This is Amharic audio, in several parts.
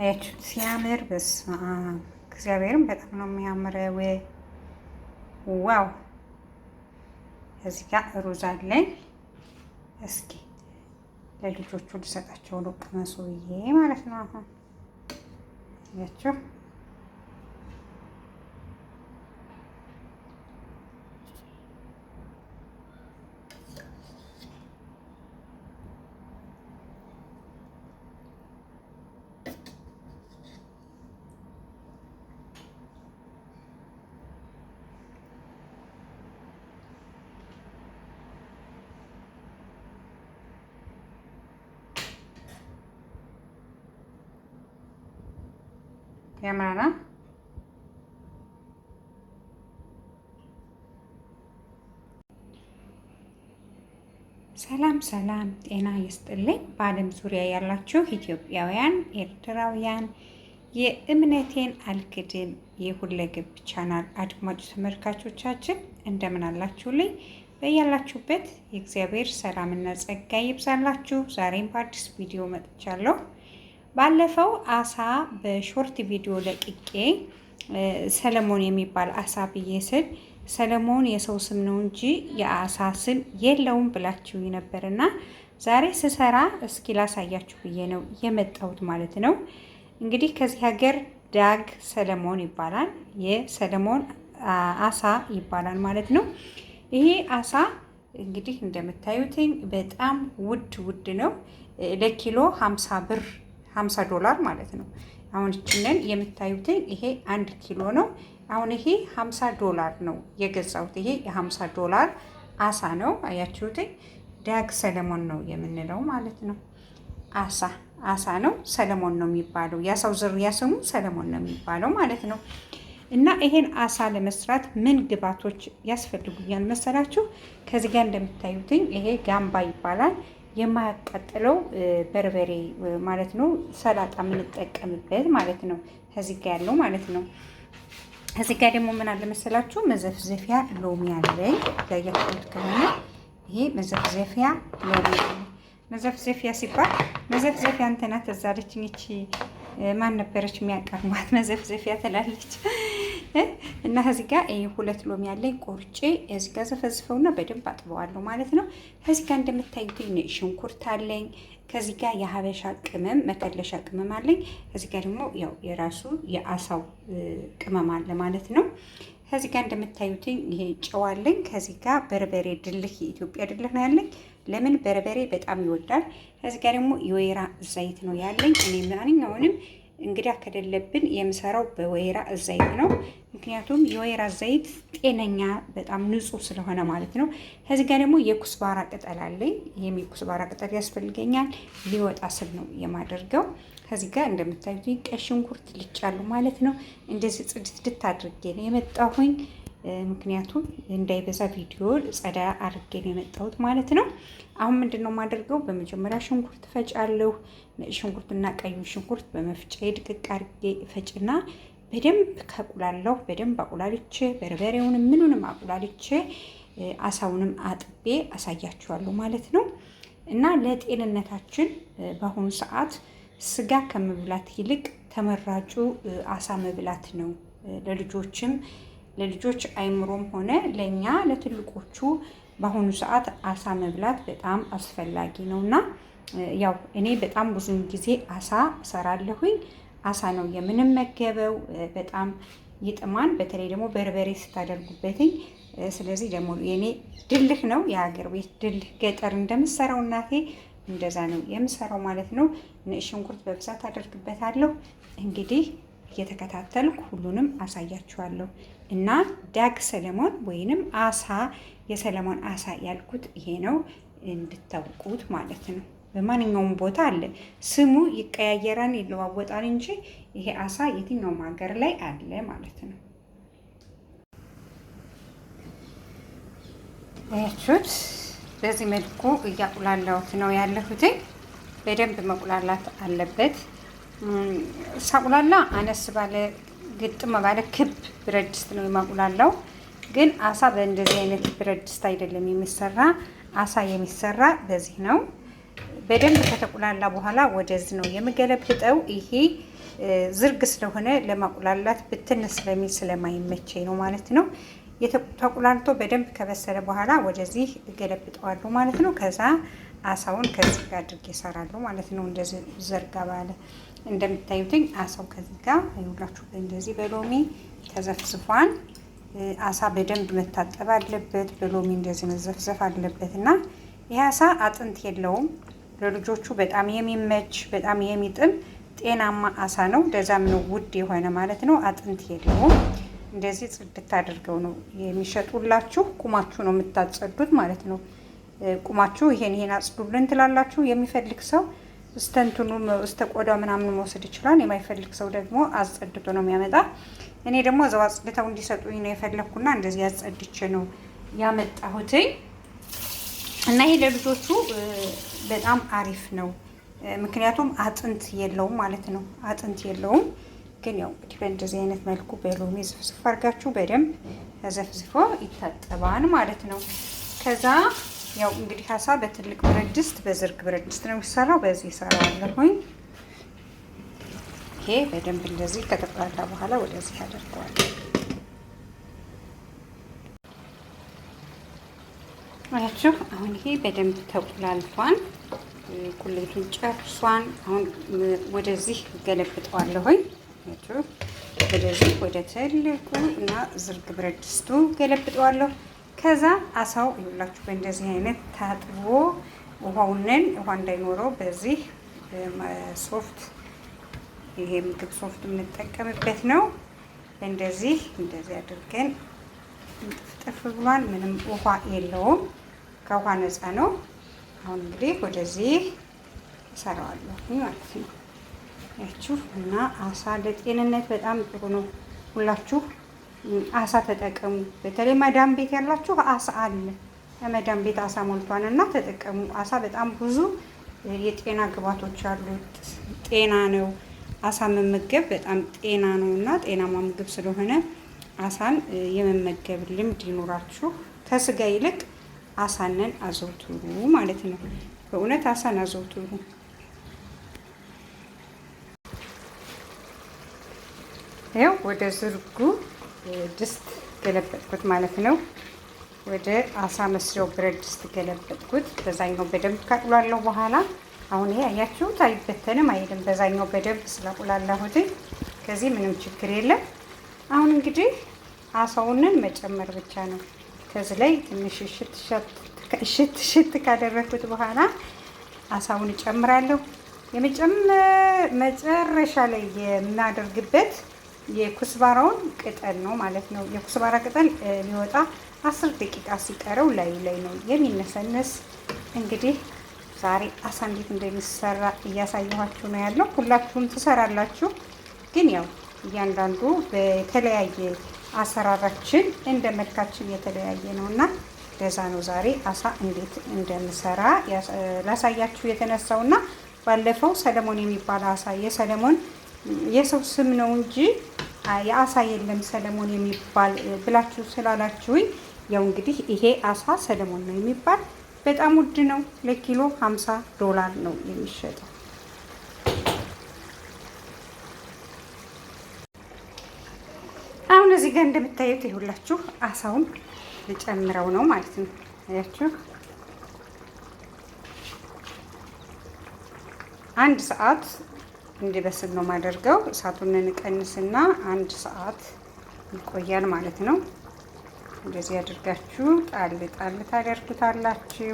አያችሁት ሲያምር በስመ አብ እግዚአብሔርም በጣም ነው የሚያምረው። ዋው እዚህ ጋር ሩዝ አለኝ። እስኪ ለልጆቹ ልሰጣቸው ነው ቅመሱ ብዬ ማለት ነው አሁን አያችሁ కెమెరానా ሰላም ሰላም፣ ጤና ይስጥልኝ በዓለም ዙሪያ ያላችሁ ኢትዮጵያውያን፣ ኤርትራውያን የእምነቴን አልክድም የሁለገብ ቻናል አድማጭ ተመልካቾቻችን እንደምን አላችሁልኝ? በያላችሁበት የእግዚአብሔር ሰላምና ጸጋ ይብዛላችሁ። ዛሬም በአዲስ ቪዲዮ መጥቻለሁ። ባለፈው አሳ በሾርት ቪዲዮ ለቅቄ ሰለሞን የሚባል አሳ ብዬ ስል ሰለሞን የሰው ስም ነው እንጂ የአሳ ስም የለውም ብላችሁ ነበርና ዛሬ ስሰራ እስኪ ላሳያችሁ ብዬ ነው የመጣሁት ማለት ነው። እንግዲህ ከዚህ ሀገር ዳግ ሰለሞን ይባላል። የሰለሞን አሳ ይባላል ማለት ነው። ይሄ አሳ እንግዲህ እንደምታዩትኝ በጣም ውድ ውድ ነው። ለኪሎ 50 ብር 50 ዶላር ማለት ነው። አሁን እችንን የምታዩትን ይሄ አንድ ኪሎ ነው። አሁን ይሄ 50 ዶላር ነው የገዛሁት። ይሄ የ50 ዶላር አሳ ነው። አያችሁትኝ ዳግ ሰለሞን ነው የምንለው ማለት ነው። አሳ አሳ ነው። ሰለሞን ነው የሚባለው። የአሳው ዝርያ ስሙ ሰለሞን ነው የሚባለው ማለት ነው። እና ይሄን አሳ ለመስራት ምን ግባቶች ያስፈልጉኛል መሰላችሁ? ከዚህ ጋር እንደምታዩትኝ ይሄ ጋምባ ይባላል። የማያቃጥለው በርበሬ ማለት ነው። ሰላጣ የምንጠቀምበት ማለት ነው። ከዚህ ጋ ያለው ማለት ነው። ከዚህ ጋ ደግሞ ምን አለ መሰላችሁ መዘፍዘፊያ ሎሚ አለኝ። ያያችሁት ከሆነ ይሄ መዘፍዘፊያ ሎሚ አለ። መዘፍዘፊያ ሲባል መዘፍዘፊያ እንትና ተዛለች። ይቺ ማን ነበረች የሚያቀርሟት መዘፍዘፊያ ትላለች። እና ከዚህ ጋር ሁለት ሎሚ ያለኝ ቆርጬ እዚህ ጋር ዘፈዝፈውና በደንብ አጥበዋለሁ ማለት ነው። ከዚህ ጋር እንደምታዩትኝ ሽንኩርት አለኝ። ከዚህ ጋር የሀበሻ ቅመም መከለሻ ቅመም አለኝ። ከዚ ጋር ደግሞ ያው የራሱ የአሳው ቅመም አለ ማለት ነው። ከዚህ ጋር እንደምታዩትኝ ይሄ ጨው አለኝ። ከዚህ ጋር በርበሬ ድልህ የኢትዮጵያ ድልህ ነው ያለኝ። ለምን በርበሬ በጣም ይወዳል። ከዚህ ጋር ደግሞ የወይራ ዘይት ነው ያለኝ። እኔ ማንኛውንም እንግዳ ከሌለብን የምሰራው በወይራ ዘይት ነው። ምክንያቱም የወይራ ዘይት ጤነኛ በጣም ንጹህ ስለሆነ ማለት ነው። ከዚህ ጋር ደግሞ የኩስባራ ቅጠል አለኝ። ይህም የኩስባራ ቅጠል ያስፈልገኛል። ሊወጣ ስል ነው የማደርገው። ከዚህ ጋር እንደምታዩት ቀይ ሽንኩርት ልጫሉ ማለት ነው። እንደዚህ ጽድት ድት አድርጌ ነው የመጣሁኝ። ምክንያቱም እንዳይበዛ ቪዲዮ ጸዳ አድርጌ ነው የመጣሁት ማለት ነው። አሁን ምንድን ነው የማደርገው? በመጀመሪያ ሽንኩርት ፈጫለሁ። ሽንኩርትና ቀዩ ሽንኩርት በመፍጫ ድቅቅ አድርጌ ፈጭና በደንብ ከቁላለሁ። በደንብ አቁላልቼ በርበሬውንም ምኑንም አቁላልቼ አሳውንም አጥቤ አሳያችኋለሁ ማለት ነው። እና ለጤንነታችን በአሁኑ ሰዓት ስጋ ከመብላት ይልቅ ተመራጩ አሳ መብላት ነው ለልጆችም ለልጆች አይምሮም ሆነ ለእኛ ለትልቆቹ በአሁኑ ሰዓት አሳ መብላት በጣም አስፈላጊ ነው እና ያው እኔ በጣም ብዙን ጊዜ አሳ እሰራለሁኝ። አሳ ነው የምንመገበው። በጣም ይጥማን። በተለይ ደግሞ በርበሬ ስታደርጉበትኝ። ስለዚህ ደግሞ የእኔ ድልህ ነው የሀገር ቤት ድልህ። ገጠር እንደምሰራው እናቴ እንደዛ ነው የምሰራው ማለት ነው። ሽንኩርት በብዛት አደርግበታለሁ እንግዲህ እየተከታተልኩ ሁሉንም አሳያችኋለሁ እና ዳግ ሰለሞን ወይንም አሳ የሰለሞን አሳ ያልኩት ይሄ ነው እንድታውቁት ማለት ነው። በማንኛውም ቦታ አለ ስሙ ይቀያየራል፣ ይለዋወጣል እንጂ ይሄ አሳ የትኛውም ሀገር ላይ አለ ማለት ነው። ያችሁት በዚህ መልኩ እያቁላላሁት ነው ያለሁትኝ። በደንብ መቁላላት አለበት። ሳቁላላ አነስ ባለ ግጥም ባለ ክብ ብረት ድስት ነው የማቁላላው። ግን አሳ በእንደዚህ አይነት ብረት ድስት አይደለም የሚሰራ። አሳ የሚሰራ በዚህ ነው። በደንብ ከተቁላላ በኋላ ወደዚህ ነው የምገለብጠው። ይሄ ዝርግ ስለሆነ ለማቁላላት ብትን ስለሚል ስለማይመቸኝ ነው ማለት ነው። ተቁላልቶ በደንብ ከበሰለ በኋላ ወደዚህ እገለብጠዋለሁ ማለት ነው። ከዛ አሳውን ከዚህ ጋር አድርጌ እሰራለሁ ማለት ነው። እንደዚህ ዘርጋ ባለ እንደምታዩትኝ አሳው ከዚህ ጋር ይውላችሁ እንደዚህ በሎሚ ተዘፍዝፏን። አሳ በደንብ መታጠብ አለበት፣ በሎሚ እንደዚህ መዘፍዘፍ አለበት እና ይህ አሳ አጥንት የለውም። ለልጆቹ በጣም የሚመች በጣም የሚጥም ጤናማ አሳ ነው። ደዛም ነው ውድ የሆነ ማለት ነው። አጥንት የለውም። እንደዚህ ጽድት አድርገው ነው የሚሸጡላችሁ። ቁማችሁ ነው የምታጸዱት ማለት ነው። ቁማችሁ ይሄን ይሄን አጽዱልን ትላላችሁ። የሚፈልግ ሰው እስተ እንትኑ እስተ ቆዳ ምናምን መውሰድ ይችላል። የማይፈልግ ሰው ደግሞ አጸድቶ ነው የሚያመጣ። እኔ ደግሞ እዛው አጽድተው እንዲሰጡኝ ነው የፈለግኩና እንደዚህ አጸድቼ ነው ያመጣሁትኝ እና ይሄ ለልጆቹ በጣም አሪፍ ነው። ምክንያቱም አጥንት የለውም ማለት ነው። አጥንት የለውም ግን ያው እንግዲህ በእንደዚህ አይነት መልኩ በሎሚ ዝፍዝፍ አድርጋችሁ በደንብ ተዘፍዝፎ ይታጠባል ማለት ነው ከዛ ያው እንግዲህ አሳ በትልቅ ብረት ድስት በዝርግ ብረት ድስት ነው የሚሰራው። በዚህ እሰራዋለሁኝ። ይሄ በደንብ እንደዚህ ከጠቅላላ በኋላ ወደዚህ ያደርገዋል። አያችሁ፣ አሁን ይሄ በደንብ ተቁላልቷን ቁሌቱን ጨርሷን። አሁን ወደዚህ ገለብጠዋለሁኝ። አያችሁ፣ ወደዚህ ወደ ትልቁ እና ዝርግ ብረት ድስቱ ገለብጠዋለሁ። ከዛ አሳው ይውላችሁ በእንደዚህ አይነት ታጥቦ ውሃውንን ውሃ እንዳይኖረው በዚህ ሶፍት ይሄ ምግብ ሶፍት የምንጠቀምበት ነው። እንደዚህ እንደዚህ አድርገን ጥፍጥፍ ብሏን ምንም ውሃ የለውም። ከውሃ ነፃ ነው። አሁን እንግዲህ ወደዚህ እሰራዋለሁ ማለት ነው ያችሁ እና አሳ ለጤንነት በጣም ጥሩ ነው ሁላችሁ አሳ ተጠቀሙ። በተለይ መዳም ቤት ያላችሁ አሳ አለ። መዳም ቤት አሳ ሞልቷን እና ተጠቀሙ። አሳ በጣም ብዙ የጤና ግባቶች አሉት። ጤና ነው አሳ መመገብ በጣም ጤና ነው እና ጤናማ ምግብ ስለሆነ አሳን የመመገብ ልምድ ይኖራችሁ። ከስጋ ይልቅ አሳንን አዘውትሩ ማለት ነው። በእውነት አሳን አዘውትሩ። ያው ወደ ዝርጉ ድስት ገለበጥኩት ማለት ነው። ወደ አሳ መስሪያው ብረት ድስት ገለበጥኩት። በዛኛው በደንብ ካቅሏለሁ በኋላ አሁን ይሄ አያችሁት አይበተንም አይልም። በዛኛው በደንብ ስላቁላላሁት ከዚህ ምንም ችግር የለም። አሁን እንግዲህ አሳውንን መጨመር ብቻ ነው። ከዚህ ላይ ትንሽ እሽት እሽት ካደረግኩት በኋላ አሳውን እጨምራለሁ። የመጨመ መጨረሻ ላይ የምናደርግበት የኩስባራውን ቅጠል ነው ማለት ነው። የኩስባራ ቅጠል ሊወጣ አስር ደቂቃ ሲቀረው ላዩ ላይ ነው የሚነሰነስ። እንግዲህ ዛሬ አሳ እንዴት እንደሚሰራ እያሳየኋችሁ ነው ያለው። ሁላችሁም ትሰራላችሁ፣ ግን ያው እያንዳንዱ በተለያየ አሰራራችን እንደ መልካችን የተለያየ ነው እና ለዛ ነው ዛሬ አሳ እንዴት እንደምሰራ ላሳያችሁ የተነሳው እና ባለፈው ሰለሞን የሚባል አሳ የሰለሞን የሰው ስም ነው እንጂ የአሳ የለም ሰለሞን የሚባል ብላችሁ ስላላችሁኝ ያው እንግዲህ ይሄ አሳ ሰለሞን ነው የሚባል በጣም ውድ ነው። ለኪሎ 50 ዶላር ነው የሚሸጠው። አሁን እዚህ ጋር እንደምታዩት ይሁላችሁ አሳውን ልጨምረው ነው ማለት ነው። አያችሁ አንድ ሰዓት እንዲበስል ነው ማደርገው። እሳቱን እንቀንስና አንድ ሰዓት ይቆያል ማለት ነው። እንደዚህ አድርጋችሁ ጣል ጣል ታደርጉታላችሁ።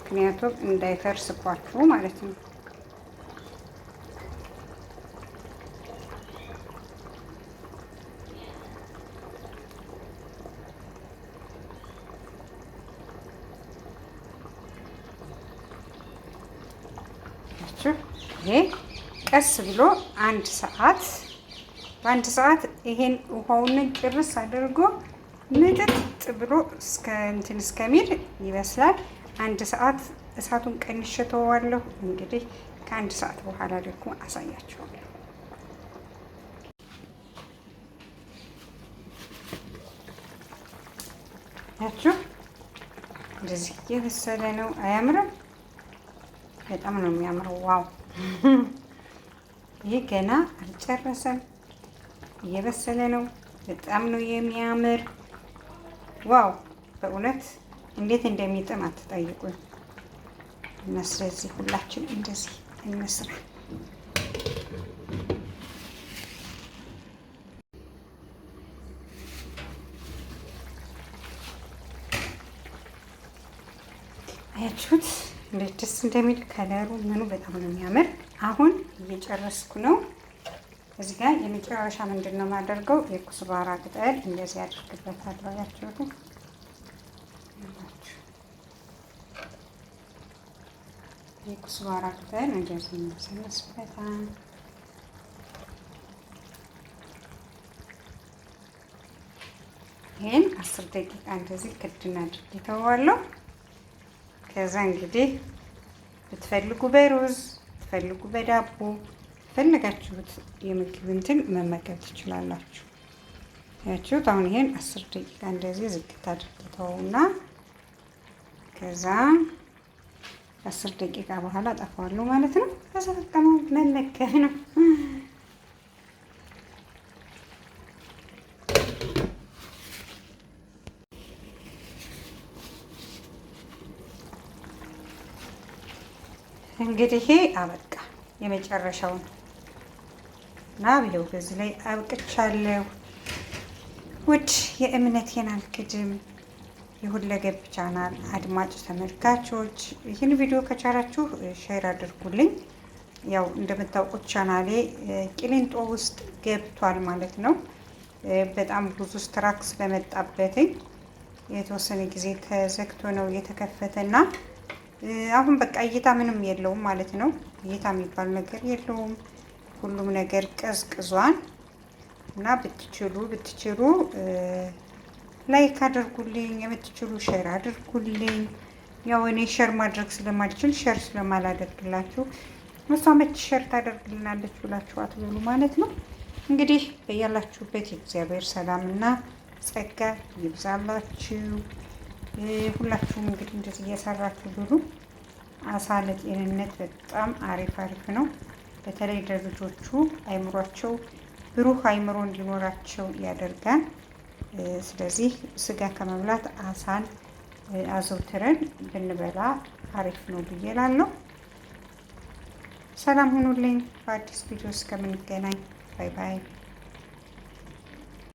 ምክንያቱም እንዳይፈርስባችሁ ማለት ነው። ይሄ ቀስ ብሎ አንድ ሰዓት በአንድ ሰዓት ይሄን ውሃውን ጭርስ አድርጎ ምጥጥ ብሎ እስከ እንትን እስከሚል ይበስላል። አንድ ሰዓት እሳቱን ቀንሼ ተወዋለሁ። እንግዲህ ከአንድ ሰዓት በኋላ ደግሞ አሳያቸዋለሁ። ያችሁ እንደዚህ የበሰለ ነው። አያምርም? በጣም ነው የሚያምረው። ዋው ይህ ገና አልጨረሰም፣ እየበሰለ ነው። በጣም ነው የሚያምር። ዋው! በእውነት እንዴት እንደሚጥም አትጠይቁኝ። እና ስለዚህ ሁላችን እንደዚህ እንስራ። አያችሁት? እንዴት ደስ እንደሚል ከለሩ ምኑ በጣም ነው የሚያምር። አሁን እየጨረስኩ ነው። እዚህ ጋር የመጨረሻ ምንድን ነው የማደርገው የኩስባራ ቅጠል እንደዚህ አድርግበታለሁ። ያችሁት የኩስባራ ቅጠል እንደዚህ ይመስበታል። ይህን አስር ደቂቃ እንደዚህ ክድና አድርጌ ተዋለሁ። ከዛ እንግዲህ ብትፈልጉ በሩዝ ብትፈልጉ በዳቦ ፈለጋችሁት የምግብ እንትን መመገብ ትችላላችሁ። ያችሁት አሁን ይሄን አስር ደቂቃ እንደዚህ ዝግት አድርግተውና ከዛ አስር ደቂቃ በኋላ ጠፋዋለሁ ማለት ነው። ከዛ በቃ መመገብ ነው። እንግዲህ ይሄ አበቃ የመጨረሻውን እና ብለው በዚህ ላይ አብቅቻለሁ። ውድ የእምነቴን አልክድም የሁለገብ ቻናል አድማጭ ተመልካቾች ይህን ቪዲዮ ከቻላችሁ ሼር አድርጉልኝ። ያው እንደምታውቁት ቻናሌ ቂሊንጦ ውስጥ ገብቷል ማለት ነው። በጣም ብዙ ስትራክስ በመጣበትኝ የተወሰነ ጊዜ ተዘግቶ ነው የተከፈተና አሁን በቃ እይታ ምንም የለውም ማለት ነው። እይታ የሚባል ነገር የለውም። ሁሉም ነገር ቀዝቅዟን እና ብትችሉ ብትችሉ ላይክ አድርጉልኝ፣ የምትችሉ ሼር አድርጉልኝ። ያው እኔ ሼር ማድረግ ስለማልችል ሼር ስለማላደርግላችሁ እሷ መች ሼር ታደርግልናለች ብላችሁ አትበሉ ማለት ነው። እንግዲህ በያላችሁበት የእግዚአብሔር ሰላምና ጸጋ ይብዛላችሁ። ሁላችሁም እንግዲህ እንደዚህ እየሰራችሁ ብሉ። አሳ ለጤንነት በጣም አሪፍ አሪፍ ነው። በተለይ ለልጆቹ አይምሯቸው ብሩህ አይምሮ እንዲኖራቸው ያደርጋል። ስለዚህ ስጋ ከመብላት አሳን አዘውትረን ብንበላ አሪፍ ነው ብዬ እላለሁ። ሰላም ሁኑልኝ። በአዲስ ቪዲዮ እስከምንገናኝ ባይ ባይ።